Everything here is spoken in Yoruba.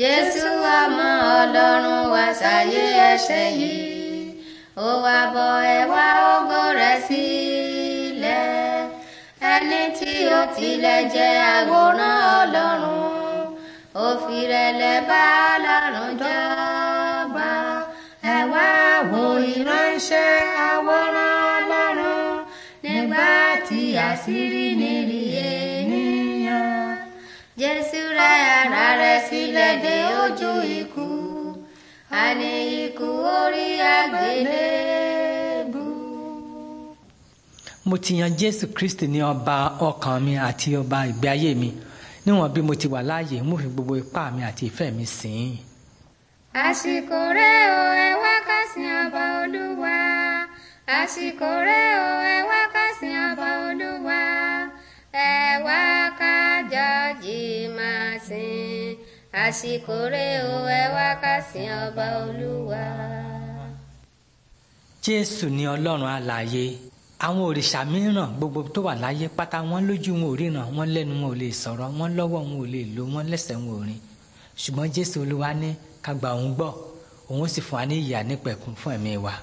jésù ọmọ ọlọ́run wá sáyé ẹ̀ṣẹ̀ yìí ó wá bọ̀ ẹ wá ògo rẹ̀ sílẹ̀ ẹni tí ó tilẹ̀ jẹ́ àwòrán ọlọ́run ó fi rẹ̀lẹ̀ bá ọlọ́run jọba ẹ wá wo ìránṣẹ́ àwòrán ọlọ́run nígbà tí àṣírí nílì ènìyàn jésù rẹ̀ ara rẹ̀ sílẹ̀ dé ojú ikú àní ikú orí àgbélébù. mo ti yan jésù kristi ní ọba ọkàn mi àti ọba ìgbé ayé mi níwọ̀n bí mo ti wà láàyè mo fi gbogbo ipá mi àti ìfẹ́ mi sìn àsìkò rẹ̀ o ẹ wá ká sìn ọba olúwa àsìkò rẹ̀ o ẹ wá ká sìn ọba olúwa ẹ wá ká jọ́jì máa sìn àsìkò rẹ o ẹ wá ká sìn ọba olúwa. jésù ni ọlọ́run alààyè àwọn òrìṣà mìíràn gbogbo tó wà láyé pátá wọn lójú wọn ò ríran wọn lẹ́nu wọn ò lè sọ̀rọ̀ wọn lọ́wọ́ wọn ò lè lò wọn lẹ́sẹ̀ wọn ò rìn ṣùgbọ́n jésù olúwa ní ká gba òun gbọ́ òun sì fún wa ní ìyà nípẹ̀kún fún ẹ̀mí wa.